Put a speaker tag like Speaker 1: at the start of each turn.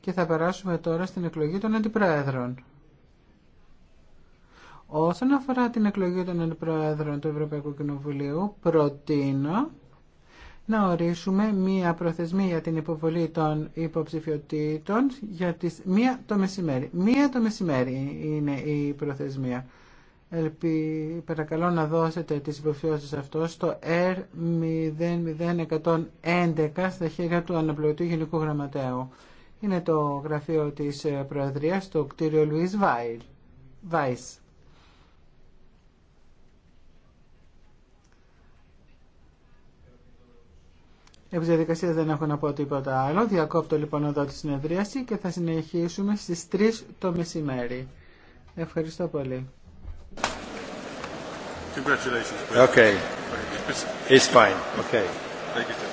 Speaker 1: και θα περάσουμε τώρα στην εκλογή των αντιπρόεδρων. Όσον αφορά την εκλογή των αντιπρόεδρων του Ευρωπαϊκού Κοινοβουλίου, προτείνω να ορίσουμε μία προθεσμία για την υποβολή των υποψηφιωτήτων για τις μία το μεσημέρι. Μία το μεσημέρι είναι η προθεσμία. Ελπι... Παρακαλώ να δώσετε τις υποψηφιώσεις αυτό στο R00111 στα χέρια του Αναπληρωτή Γενικού Γραμματέου. Είναι το γραφείο της ε, Προεδρίας το κτίριο Λουίς Βάις. Επί διαδικασία δεν έχω να πω τίποτα άλλο. Διακόπτω λοιπόν εδώ τη συνεδρίαση και θα συνεχίσουμε στις 3 το μεσημέρι. Ευχαριστώ πολύ. Congratulations. Okay. It's fine. Okay. Thank you.